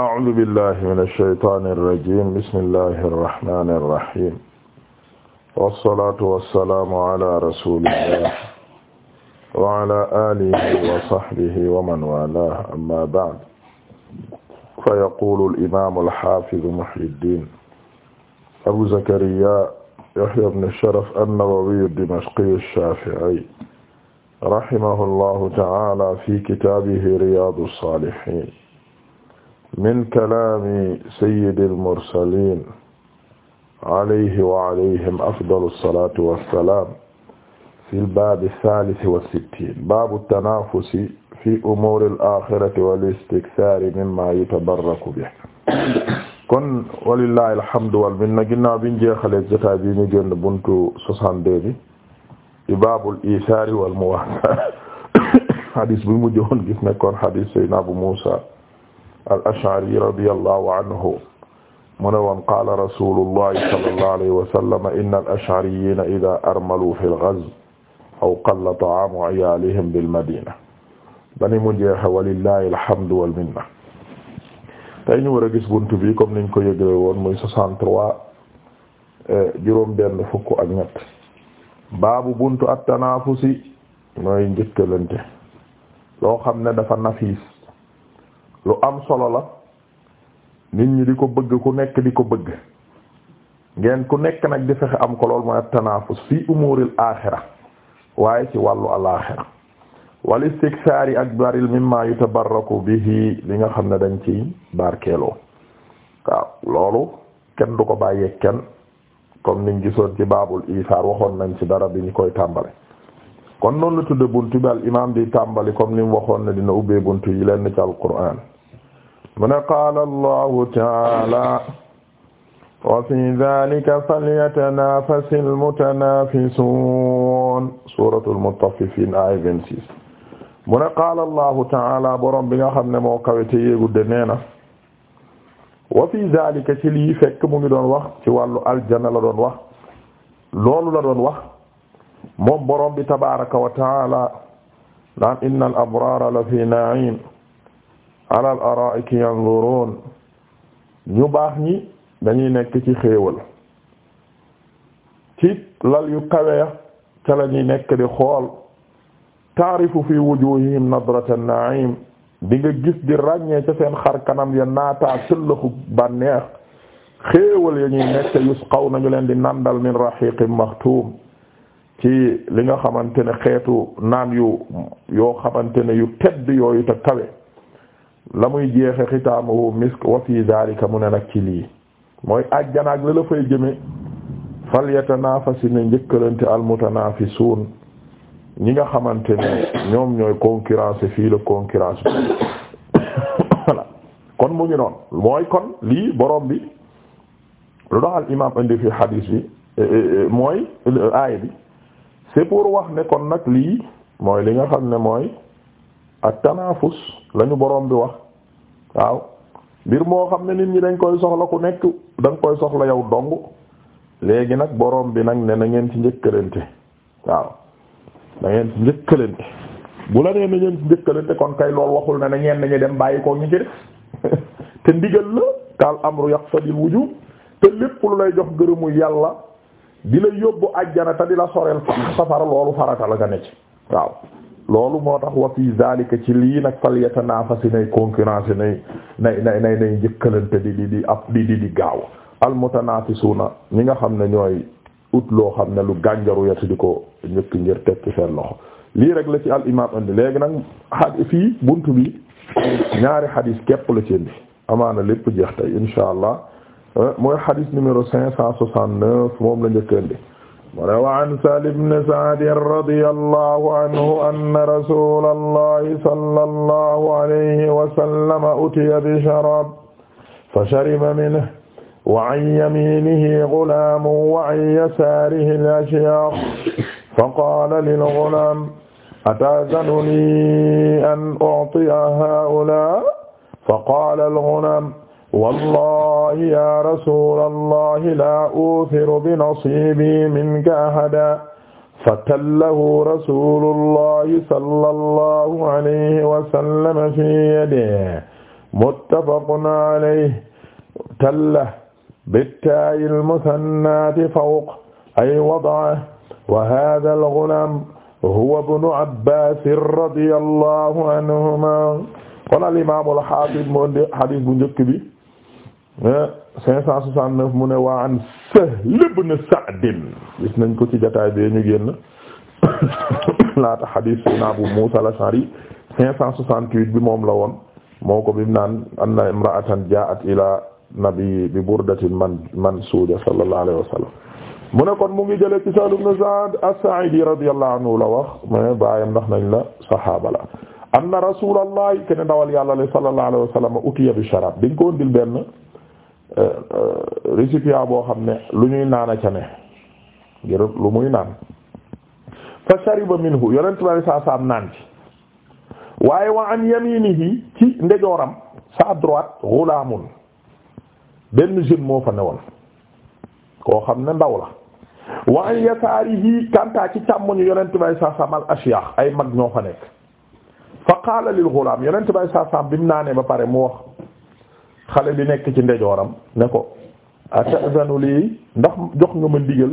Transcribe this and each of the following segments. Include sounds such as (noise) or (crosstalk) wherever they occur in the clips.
أعوذ بالله من الشيطان الرجيم بسم الله الرحمن الرحيم والصلاة والسلام على رسول الله وعلى آله وصحبه ومن والاه أما بعد فيقول الإمام الحافظ محي الدين أبو زكريا يحيى بن الشرف النووي الدمشقي الشافعي رحمه الله تعالى في كتابه رياض الصالحين min kalaami sayyidil mursaliin alayhi wa alayhim afdalu salaatu wa salaam fil baabi saalisi wa sittiin baabu tanaafusi fi umuuril aaxirati wal istiksaari mimmaa yutabarraku bihi kon walillaahi alhamdu wal minna ginnaaw biñ jeexalee jotaay bi ñu génn buntu soixante-deux bi di baabul iisaari wal muwaasaati (coughs) hadiis bi mu joxoon gis ne kon hadiis Seydina Abu Muusaa al-Ash'ari radiyallahu anhu mu ne woon qaala rasulullahi sallallahu alayhi wa sallam inna al-Ash'ariyyiina idhaa armaluu fil ghazwi aw qalla ta'aamu 'iyaalihim bil madiina bani mu jeexe walillahi alhamdu wal minna tey ñu war a gis bunt bi comme niñ ko yëgle woon muy 63 eh, juróom benn fukk ak ñett baabu buntu at-tanaafusi mooy njëkkalante loo xam ne dafa nafiis lu am solo la nit ñi di ko bëgg ku nekk di ko bëgg ngeen ku nekk nag di fexe am ko lool mooy tanaafus fi umuril aaxira waaye ci wàllu alaaxira wal istiksaari ak baril mimma bi bihi li nga xam ne dañ ci barkeeloo waaw loolu kenn du ko bàyyee kenn comme niñ gisoon ci baabul isaar waxoon nañ ci dara bi ñu koy tàmbale kon noonu la tudde buntu bi di tàmbali comme ni mu waxoon ne dina ubbee buntu yi leen ci alquran mu ne qaala allahu taala wa fi dhalika falyatanafasi almutanafisun suratu almutaffifin ay 26 mu ne qaala taala borom bi nga xam ne moo kawete yéegudde nee na wa fi dhalika mu ngi doon wax ci wàllu aljanna la doon wax loolu la doon wax moom borom bi tabaraka wa taala naan inna al abrara la fi naim al araiki yanzurun ñu baax ñi dañuy nekk ci xéewal ci lal yu kawe ca la ñuy nekk di xool taarifu fi wujuhihim nadrata naim di nga gis di ràññee ca seen ya naataa sëllëxu bànneex xéewal ya ñuy nañu leen di nandal min rahiqin maxtuum ci li nga xamante ne xeetu naan yu yoo xamante ne yu tedd yooyu te kawe la muy jeexe xitaamuhu misk wa fi daalika mu ne nag ci lii mooy ajjanaak la la fay jëme falyatanaafasi ne njëkkalante almutanaafisuun ñi nga xamante ne ñoom ñooy concurrence fii la concurrence voilà kon mu ngi noonu mooy kon lii borom bi lu doxal imaam indi fi xadiis bi e, e, e, mooy aaya bi c'est pour wax ne kon nag lii mooy li nga xam ne mooy ak tanaafus lañu boroom bi wax waaw mbir moo xam ne nit ñi dañ koy soxla ku nekk da nga koy soxla yow dong léegi nag boroom bi nag ne na ngeen ci njëkkalante waaw na ngeen ci njëkkalante bu la nee na ngeen ci njëkkalante kon kay lool waxul ne na ñeen nañu dem bàyyi ko ñu ci def (laughs) te ndigal la kaal amru yaqtadil wujub te lépp lu lay jox gërëmu yàlla di la yóbbu ajjana te di la soreel safara loolu farata la nga ne waaw loolu moo tax wa fi zalika ci lii nag fal yatanafasi nay concurrence nay nay nay nay nay njëkkalante di di di ab di di di gaaw al mutanafisuna ñi nga xam ne ñooy ut loo xam ne lu gànjaru yatu di ko njëkk ngir teg ci loxo lii rek la ci al imam indi léegi nag fii bunt bi ñaari xadis képp la ci indi amaana lépp jeex tey insha allah Eh, mooy xadis numéro cinq cent soixante-neuf moom la njëkkandi mu ne wa an Sahl ibn Sa'd radiyallahu anhu anna rasulallahi sallallahu alayhi wa sallam utiya bi sharab fa shariba minhu wa an yaminihi ghulaamun wa an yasaarihi al-ashyaakh fa qaala lil-ghulaam ata'zanu lii an u'tiya haa'ulaa'a fa qaala al-ghulaam wallahi ya rasulallahi la uthiru bi nasibi minka ahada fatallahu rasulullahi sallallahu alayhi wa sallam fi yadihi muttafaqun alayhi talla bittaa'i al-musannaati fawq ay wada'a wa haadha al-ghulaam huwa ibnu Abbaas radiyallahu anhumaa kon al-imaam al-haafiz mu indi hadiis bu njëkk bi cinq cent soixante-neuf mu ne waa an Sahl ibn Sa'd gis nañ ko ci jotaay bee ñu génn laata hadith sayna Abu Musa al-Ash'ari bi moom la woon moo ko bimu naan anna imra'atan ja'at ila nabi bi burdatin man mansuda sallallahu alayhi wa sallam mu ne kon mu ngi jëlee ci Sahl ibn Sa'd as-Sa'idi radiyallahu anhu la wax mais baayam ndax nañ la saxaaba la anna rasulallahi ken dawal yàlla sallallahu alayhi wa sallam utiya bi sharab dañ ko wondil benn Euh, euh, récipient boo xam ne lu ñuy naan a ca ne ngir lu muy naan fa shariba minhu yonent bari saa saam naan ci waaye wa an yaminihi ci ndejooram sa droite ghulamun benn jeune moo fa newoon koo xam ne ndaw la wa an yasaarihi kantaa ci càmmoñu yonent bari saa saam al ashyakh ay mag ñoo fa nekk fa qaala lil ghulam yonent bi mu naanee ba pare mu wax xale bi nekk ci ndejooram ne ko atazanu ndax jox nga ma ndigal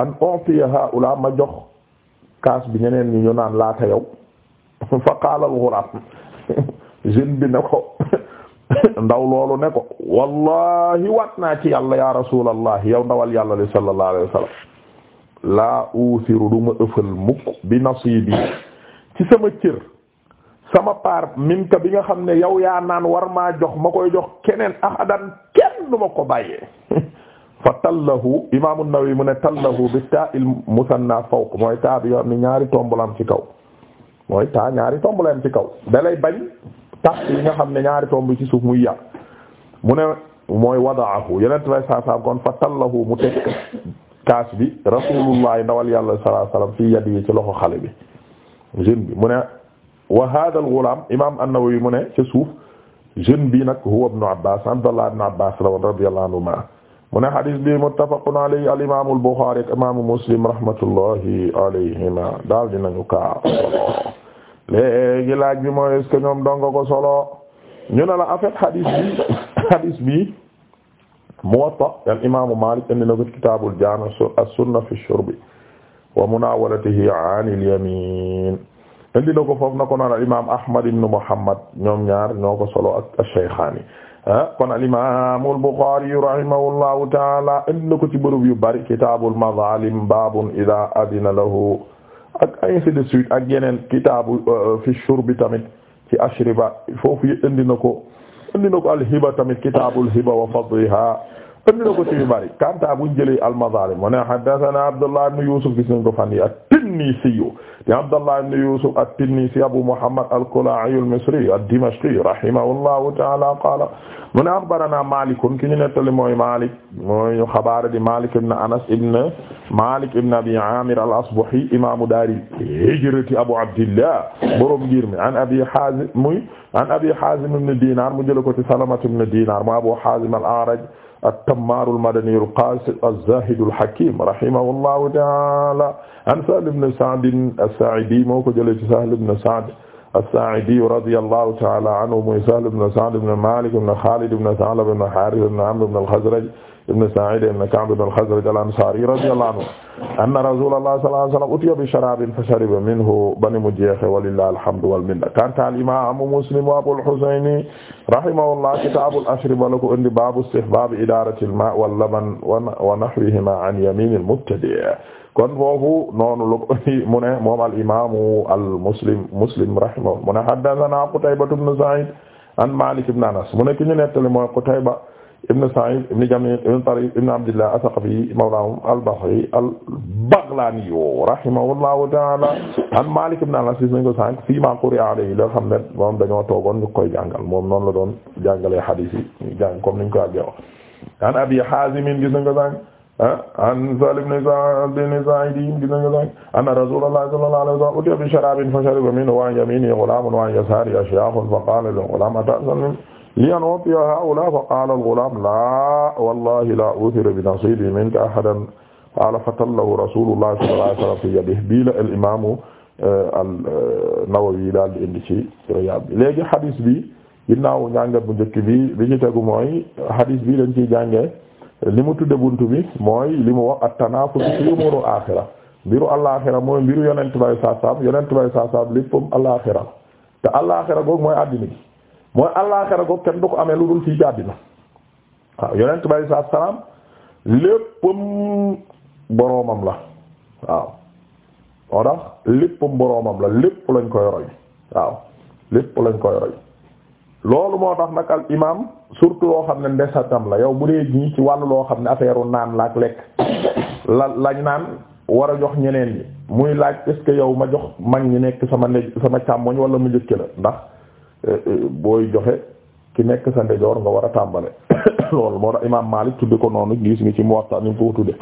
an onfiya haula ma jox kaas bi ñeneen ñu naan laata yow (laughs) fa qaala al ghulam (laughs) bi ne (laughs) ndaw loolu ne ko wallahi waat naa ci yàlla ya rasulallah yow ndawal yàlla li sallallahu alayhi wasallam laa uusiru du ma ëffal mukk bi nasiibi ci sama cër sama part mink bi nga xam ne yow yaa naan war maa jox ma koy jox keneen ahadan kenn du ma ko bàyyee (laughs) fa tallahu imam an-Nawawi mu ne tallahu bi ta il musanna fawq mooy ta bi yoo xam ne ñaari tombalam ci kaw mooy ta ñaari tombalam ci kaw dalay bañ tax yi nga xam ne ñaari tomb ci suuf muy yàq mu ne mooy wadaahu yenent lay saa saam kon fa tallahu mu teg kaas bi rasulullah ndawal yàlla sallallahu alayhi wasallam fi yi ci loxo xale bi jeune mu ne wa hada al ghulam imam an-Nawawi mu ne ca suuf jeune bi nag huwa ibn Abbas Abdallah ibn Abbas la woon radiyallahu anhuma mu ne hadis bi muttafaqun alayhi al imam al Bukhari ak imam Muslim rahmatullahi alayhima daal dinañu kaa (coughs) léegi laaj bi mooy est-ce que ñoom donga ko solo ñu ne la en fait hadis bi (coughs) hadis bi Muwatta al imam Malik indi na ko kitabul Jaami' as-Sunna fi ash-shurbi wa munawalatihi 'an al-yamin indi na ko foofu na ko noon al imaam Ahmad ibn Muhammad ñoom ñaar ñoo ko solo ak ash-Shaykhaani ah, kon al imaam al-Bukhaari rahimahullahu taala indi na ko ci bërëb yu bari kitaabul mazaalim baabun idaa adina lahu ak ainsi de suite ak yeneen kitaabu euh, fi shurbi tamit ci ashriba foofu indi na ko indi na ko al hiba tamit kitaabul hiba wa fadliha ëndi na ko ci yu bari kanta buñ jëlee al-Mazalim mu ne haddathana Abdullah ibn Yusuf gis nañ ko fan yi at-Tinnisi di Abdullah ibn Yusuf at-Tinnisi Abu Muhammad al-Kala'i al-Misri ad-Dimashqi rahimahullahu ta'ala qala mu ne akhbarana Malik ki ñu nettali mooy Malik mooy ñu xabaar di Malik ibn Anas ibn Malik ibn Abi Amir al-Asbahi imamu dari hijrati Abu Abdillah borom ngir mi an Abi Hazim muy an Abi Hazim ibn Dinar mu jëlee ko ci Salamah ibn Dinar mu Abu Hazim al-A'raj التمار المدني القاصد الزاهد الحكيم رحمه الله تعالى عن سهل بن سعد الساعدي moo ko jëlee ci سهل بن سعد الساعدي رضي الله تعالى عنه muy سهل بن سعد بن مالك بن خالد بن ثعلب بن حارث بن عمرو بن الخزرج ibn Sa'id ibn Ka'b ibn al-Khazraj al-Ansari radiyallahu anhu anna rasulallah sallallahu alayhi wa sallam utiya bi sharabin fa shariba minhu bani mu jeexe walillahi alhamdu wal minna kanta al-imam Muslim wa Abul Husayn rahimahullah kitabul ashriba la ko indi babu istihbab idarati al-ma' wal laban wa nahwihima an yamin al-mubtadi' kon foofu noonu la ko indi mu ne moom al-imam al-Muslim Muslim rahimahullah mu ne haddathana Qutayba ibn Sa'id an Malik ibn Anas mu ne ki ñu nettali mooy Qutayba ibn Sa'id ibn Jamil ibn Tariq ibn Abdillah as-Saqafi mawlahum al-Basri al-Baghlani rahimahullahu ta'ala an Malik ibn Anas nañ ko sànq fii maa quri'a alayhi la xam ne moom dañoo toogoon ñu koy jàngal moom noonu la doon jàngalee hadith yi jàng comme niñ ko àggee wax an Abi Hazim gis nañ ko sànq ah, an Salim ibn Sa'd ibn Sa'id gis nañ ko sànq anna Rasulullah sallallahu alayhi wa sallam utiya bi sharabin fa shariba minhu wa an yaminihi ghulamun wa an yasarihi ashyaakhun fa qala lil ghulam lian watiya haula fa qala alghulam la wallahi la uthiru bi nasibi minka ahadan qala fatallahu rasulullah sallallahu alayhi wa sallam fi yadihi bi la al imamu eh, an-Nawawi eh, daal di indi ci Riyaad léegi hadis bi ginnaaw njàngat bu njëkk bi bi ci tegu mooy hadis bi dañ ciy jàngee li mu tudde buntu bi mooy li mu wax at-tanaafus fi umuuru aaxira mbiru alaaxira mooy mbiru yonent bay saasaam yonent bay saasaam léppam alaaxira te alaaxira googu mooy mooy àllaaxira ko kenn du ko amee lu dul fii jàddina waaw yonent bi saa salaam léppam boroomam la waaw moo tax léppam boroomam la lépp lañ koy roy waaw lépp lañ koy roy loolu moo tax nag al imaam surtout loo xam ne ndesatam la yow bu dee ñii ci wàll loo xam ne affaire naan la ak lekk la lañ naan war a jox ñeneen yi muy laaj est ce que yow ma jox mag ñi nekk sama ne sama càmmoñ wala mu njëkk la ndax. booy joxe ki nekk sa ndejoor nga war a tàmbale (coughs) loolu moo tax imaam Maalik tudde ko noonu gis nga ci Muwatta ni mu ko tudde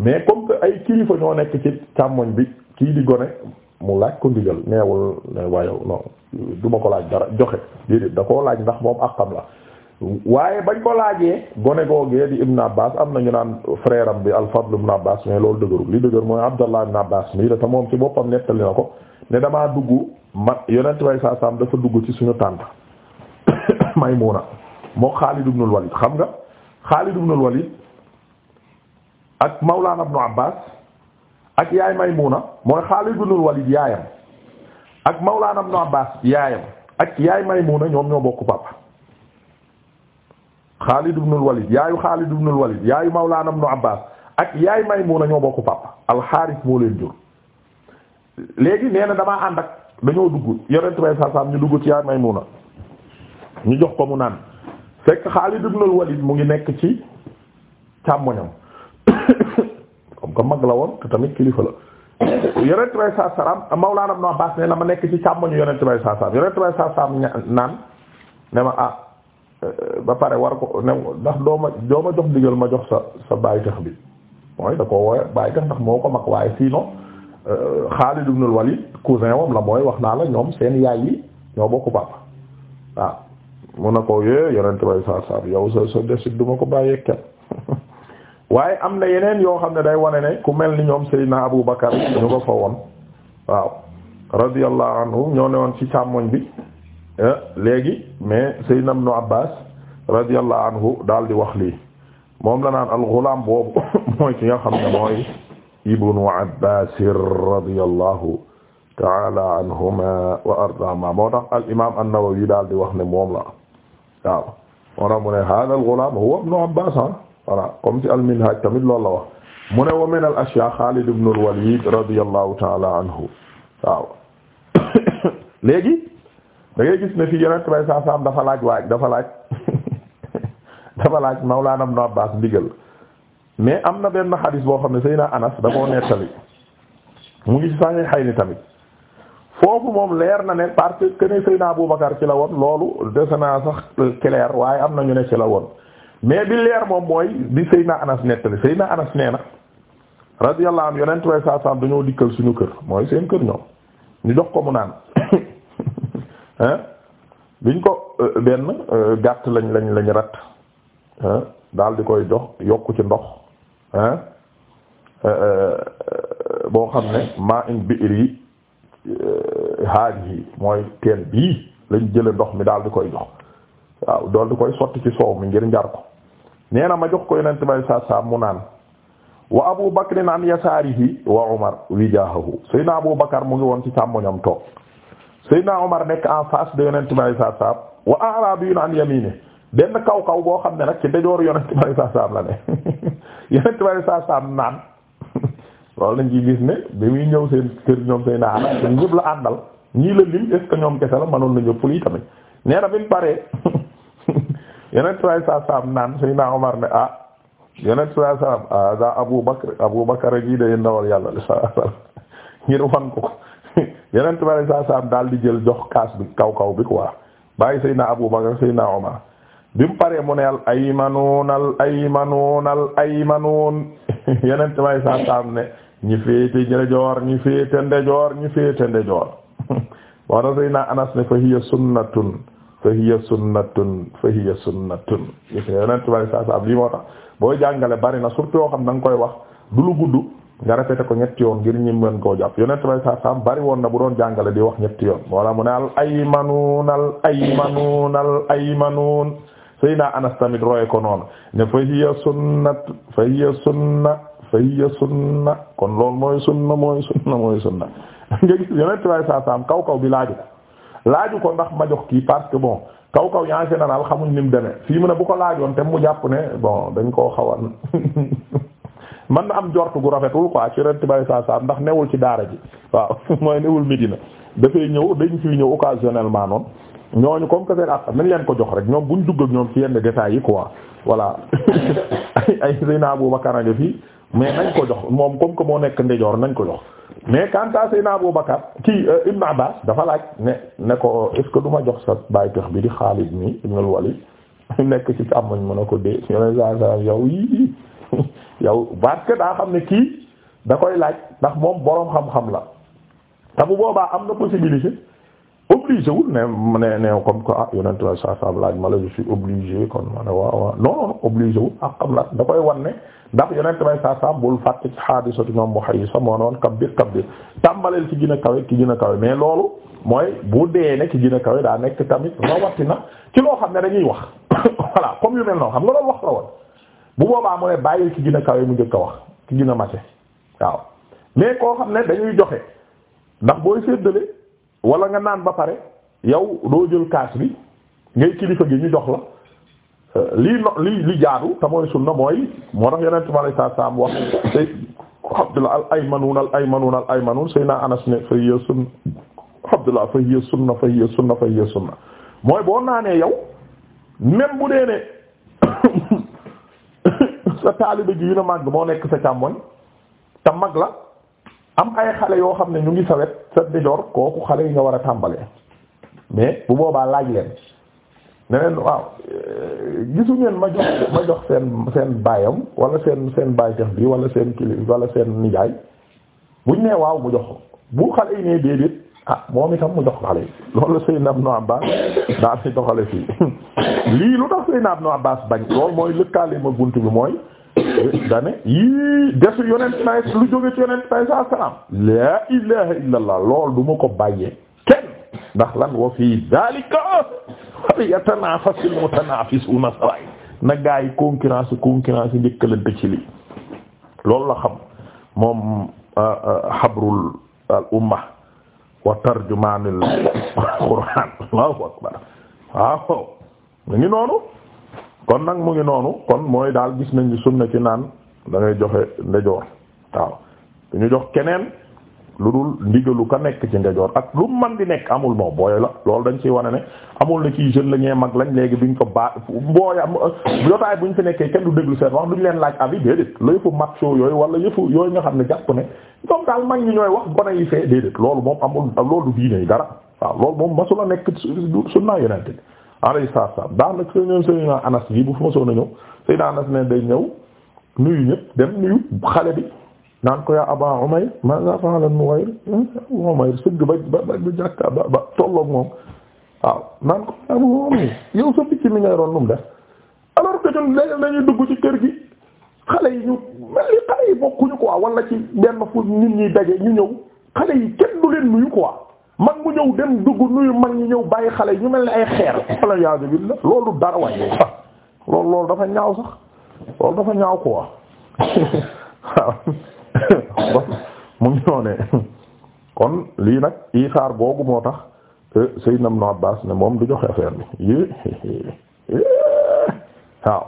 mais comme que ay kilifa ñoo nekk ci càmmoñ bi kii di gone mu laaj ko ndigal neewul ne waaye non du ma ko laaj dara joxe déedéet da koo laaj ndax moom akam la waaye bañ ko laajee gone googee di Ibn Abbas am na ñu naan frère am bi al-Fadl ibn Abbas mais loolu dëgërul li dëgër mooy Abdallah ibn Abbas mii la te moom ci boppam ko ne man yonent way saa saam dafa dugg ci suñu tànt (coughs) Maymuna moo Xaalid ibnul Walid xam nga Xaalid ibnul Walid ak Mawlana ibnu Abbaas ak yaay Maymuna mooy Xaalid ibnul Walid yaayam ak Mawlana ibnu Abbaas yaayam ak yaay Maymuna ñoom ñoo bokk papa Xaalid ibnul Walid yaayu Xaalid ibnul Walid yaayu Mawlana ibnu Abbaas ak yaay Maymuna ñoo bokk papa alxaaris moo leen jur léegi nee na damaa ànd ak dañoo dugg yonent bay saasaam ñu dugg ci yaay Maymuna ñu jox ko mu naan fekk Xaalid ibn al-Walid mu ngi nekk ci càmmoñam (coughs) comme que mag la woon te tamit kilifa la (coughs) yonent bay saasaam Mawlaana Ibn Abbaas ne na ma nekk ci càmmoñu yonent bay saasaam yonent bay saasaam naan ne ma ah euh, ba pare war ko ne ndax doo ma ma jox ndigal ma jox sa sa bàyyi tax bi mooy da ko woowe bàyyi tax ndax moo ko mag waaye sinon Xaalid ibn Walid cousin wam la mooy wax naa la ñoom seen yaay yi ñoo bokk papa waaw mun na ko yee yonent bay saa saab yow sa sa desit duma ko bàyyee kenn (laughs) waaye am na yeneen yoo xam ne day wane ne ku mel ni ñoom Seydina Abu Bakar ñu ko fa woon waaw radiyallahu anhu ñoo ne woon ci càmmoñ bi eh, léegi mais Seydina Ibnu Abbaas radiyallahu anhu daal di wax lii moom la naan al boobu (laughs) mooy ki nga xam ne mooy ibnu Abbaas radiyallahu taala anhuma wa ardaahuma moo tax al imaam an-Nawawi daal di wax ne moom la waaw moo tax mu ne haadha al-ghulaam huwa ibnu Abbaas ah. voilà comme ci al-Minhaaj tamit loolu la wax mu ne wa min al-ashyaa Xaalid ibnu al-Waliid radiyallahu taala anhu waaw (coughs) léegi da ngay gis ne fii Yonent bi saa saam dafa laaj waaj dafa laaj (laughs) dafa laaj Mawlaana ibnu Abbaas ndigal mais am na benn xadis boo xam ne Seydina Anas da koo nettali mu ngi ci saxee xay ni tamit foofu moom leer na ne parce que ne Seydina Abubakar ci la woon loolu dese naa sax clair waaye am na ñu ne ci la woon mais bi leer moom mooy bi na Anas nettali na Anas nee na radiyallahu anhu yonent way saa sam dañoo dikkal suñu kër mooy seen kër ñoom ñu jox ko mu naan (coughs) biñ ko euh, benn euh, gàtt lañ lañ lañ rat daal di koy jox yokk ci ndox Euh, euh, boo xam ne ma in biir yi euh, haaj yi mooy teen bii lañ jële ndox mi daal di koy jox waaw dool di koy sotti ci soow mi ngir njar ko nee na ma jox ko yonent bay saa saa mu naan wa abu bakrin an yasaarihi wa umar wijaahahu seydna abu bakar mu ngi woon ci càmmoñam toog seydna umar nekk en face de yonent bay saa saa wa a'rabiyun an yamine benn kaw kaw boo xam ne nag ci dajoor yonent bay saa saa la ne (laughs) yeneen tubaab yi naan loolu lañ ciy gis ni bi muy ñëw seen kër ñoom seen aana te ñëpp la àndal ñii la lim est-ce ñoom kese la mënoon nañu ëpp lii tamit nee na bi mu paree (laughs) yeneen tubaab yi saa saam naan suy naa Omar ne ah yeneen tubaab yi saa saam ah yàlla de saa saa daal di jël jox kaas bi kaw kaw bi quoi bàyyi suy naa Abu Bakr suy naa Omar. bi mu paree mu ne al aymanuun al aymanuun al aymanuun yeneen tamay saa saam ne ñi féete ndijoor ñi féete ndijoor ñi féete ndijoor (laughs) wara sey na Anas ne fa hiya sunnatun fa hiya sunnatun fa hiya sunnatun yeneen tamay saa saam lii moo tax boo jàngale bari na surtout yoo xam da nga koy wax du lu gudd nga répété ko ñetti yoon ngir ñi mën koo jàpp yeneen tamay saa saam bari woon na bu doon jàngale di wax ñetti yoon wala mu ne al aymanuun al aymanuun al aymanuun Seydina Anas tamit roye ko noonu ne fa hiya sunnat fa hiya sunna fa hiya sunna kon loolu mooy sunna mooy sunna mooy sunna (laughs) nga gis yonent way saa saam kaw kaw bi laaju ko laaju ko ndax ma jox kii parce que bon kaw kaw yaa en général xamuñ ni mu demee fii mu ne bu ko laajoon te mu jàpp ne bon dañ koo xawan (laughs) man na am jortu gu rafetul quoi ci rent bay saa saam ndax newul ci daara ji waaw (laughs) mooy newul Medina dafay ñëw dañ fi ñëw occasionnellement noonu ñooñu comme que seen ak nañ leen ko jox rek ñoom buñ dugg ak ñoom ci yenn détails yi quoi voilà (laughs) ay ay Seyna Abu Bakar a ngi mais nañ ko jox moom comme que moo nekk ndejoor nañ ko jox mais quant à Seyna Abu Bakar kii euh, Ibn Abbas dafa laaj ne ne ko est ce que jox sa baytix bi di Xaalid mi Ibn al (laughs) nekk ci càmmoñ mën a ko dee yoneen saa saa yow yi (laughs) yow parce daa xam ne kii da koy laaj ndax moom boroom xam-xam la te bu boobaa am na possibilité. obligé wul ne ne ne comme que ah yonent way sa sam laaj ma la je suis obligé kon ma ne waaw waaw non non obligé wul ak xam la da koy wan ne ndax yonent way sa sam bul fàtte ci xaadisatu ñoom mu xëy sa moo noon kabbir kabbir tàmbaleel ci gën a kawe ki gën kawe mais loolu mooy bu dee ne ki gën kawe daa nekk tamit rawatina ci loo xam ne dañuy wax (coughs) voilà comme yu mel noonu xam nga loolu wax la woon bu boobaa mu ne bàyyil ki gën kawe mu j a wax ki a mate waaw mais koo xam ne dañuy joxe ndax booy wala nga naan ba pare yow doo jël kaas bi ngay kilifa gi ñu jox la euh, lii no li li jaadu te sunna mooy moo tax yeneen tubaab yi saa saa mu wax say Abdullah al aymanuun al Anas ne fa hiya sunna Abdullah fa hiya sunna fa hiya sunna fa hiya sunna mooy boo naanee yow même bu dee ne (coughs) sa taaliba ji yu ne màgg moo nekk sa càmmoñ te mag la. am ay xale yoo xam ne ñu ngi sa wet sa ndijoor kooku xale yi nga war a tàmbalee mais bu boobaa laaj leen ne leen waaw euh, gisu ngeen ma jox ma jox seen seen baayam wala seen seen baayteef bi wala seen kili wala seen nijaay buñ ne waaw mu jox bu xale yi nee déedéet ah moom itam mu jox xale yi loolu Seydina Ibnu Abbaas daa fi doxale fii (laughs) lii lu tax Seydina Ibnu Abbaas bañ loolu mooy lëkkaale ma bunt bi mooy dane yii desu yonent nay lu jóge ci yonent nay saa salaam laa ilaha illa allah lool du ma ko bàyyee kenn ndax lan wa fii daalika falyatanafasil mutanaafisuuna sawaay na gaa yi concurrence concurrence njëkkalante ci lii loolu la xam moom euh, euh, xabrul al wa tarjumaanul qur'aan akbar waaw mu ngi noonu kon nag mu ngi noonu kon mooy daal gis nañu na ci naan da ngay joxe ndejoor waaw ñu jox keneen lu dul ndigalu ko nekk ci ndejoor ak lu man di nekk amul moo booy la loolu dañ ciy wane ne amul na ci jeune la ñee mag lañ léegi duñ ko baa booya jotaay buñ fi nekkee kenn du déglu seen wax duñ leen laaj avis déedéet la yëfu mag yooyu wala yëfu yooyu nga xam ne jàpp ne ñoom daal mag ñi ñooy wax gone yi fee déedéet loolu moom amul loolu diine yi dara waaw loolu moom masula nekk sunna yonente bi alayhi salaam daanaka soo ñëw Seydina Anas bi bu fa mosoon a ñëw Seydina Anas ne day ñëw nuyu ñëpp dem nuyu xale bi naan ko yaa Aba Umayr ma za fa'ala Nughayr Umayr sëgg ba ba ba jàkka ba ba tolloog moom yow sa picc mi ngay ron num def alors que ñun léeg nañu dugg ci kër gi xale yi ñu mel ni xale yi bokkuñu quoi wala ci benn fu nit ñi daje ñu ñëw xale yi kenn du leen nuyu quoi. ñëw dem dugg nuyu mag ñi ñëw bàyyi xale ñu mel ne ay xeer loolu dara waay loolu loolu dafa ñaaw sax loolu dafa ñaaw quoi (laughs) waaw mu ngi noonee kon lii nag isaar googu moo tax Seydina Ibn Abbas ne moom du joxe affaire bi yi waaw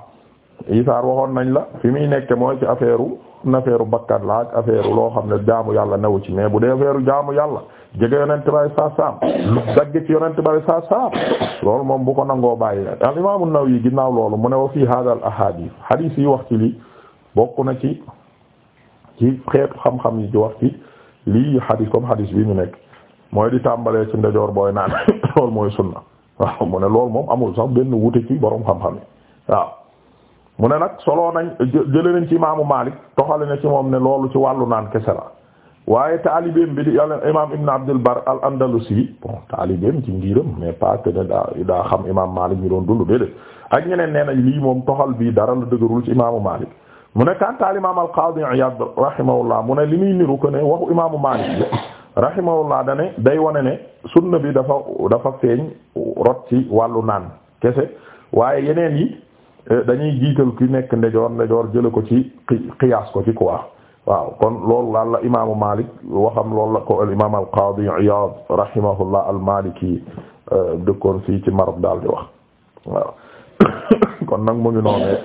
waxoon nañ la fi muy nekke mooy ci affaire u na affaire u bakkan la ak loo xam ne jaamu yàlla newu ci mais bu dee affaire jaamu yàlla jege yonent bari saa saam dagg ci yonent bari saa saam loolu moom bu ko nangoo bàyyi al imaam naw nawawi ginnaaw loolu mu ne wa fii hada al ahadith hadith yi wax ci lii bokk na ci ci xeetu xam-xam yi ci wax ci lii hadith comme hadith bi ñu nekk mooy di tàmbalee ci ndejoor booy naan (coughs) loolu mooy sunna waaw mu ne loolu moom amul sax benn wute ci boroom xam-xam yi waaw mu ne nag solo nañ jëlee nañ ci imaamu Maalik toxale na ci moom ne loolu ci wàllu naan kese la waaye taalibeem bi di al imaam Ibn Abdul Bar al Andalusi bon taalibeem ci ngiram mais pas que ne daa daa xam imaam Maalik ñu doon dund déedéet ak ñeneen nee lii moom toxal bii dara la dëgërul ci imaamu Maalik mu ne kantaal imaam al Qaadi Iyaad rahimahullah mu ne li muy niru ko ne waxu imaamu Maalik rahimahullah da day wane ne sunna bi dafa dafa feeñ rot ci wàllu naan kese waaye yeneen yi eh, dañuy jiital ki nekk ndejoor ndejoor jële ko ci qiyaas ko ci quoi. waaw kon loolu laal la imaamu Malik waxam loolu la ko al imaam al qaadi Iyaad rahimahullah al Maliki euh, dëkkoon fii ci Maroc daal di wax waaw (coughs) kon nag mu ngi noonee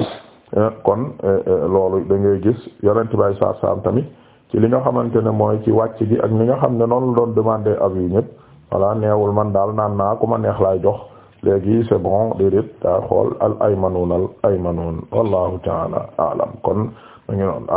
euh, kon euh, loolu dangay ngay gis yonent bay saa saam tamit ci li nga xamante ne mooy ci wàcc gi ak ni nga xam ne noonu la doon demander avis yi ñëpp voilà neewul man daal naan naa ku ma neex laay jox léegi c'est bon déedéet daa xool al aymanuun wallahu taala alam kon mu ngi